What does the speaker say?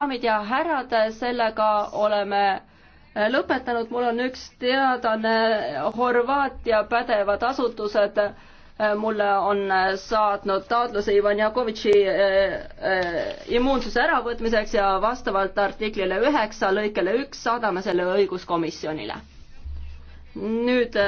daamid ja härrad, sellega oleme eh, lõpetanud, mul on üks teadane Horvaatia pädevad asutused eh, mulle on eh, saatnud taotluse Ivan Jakovitši immuunsuse äravõtmiseks ja vastavalt artiklile üheksa lõikele üks saadame selle õiguskomisjonile. nüüd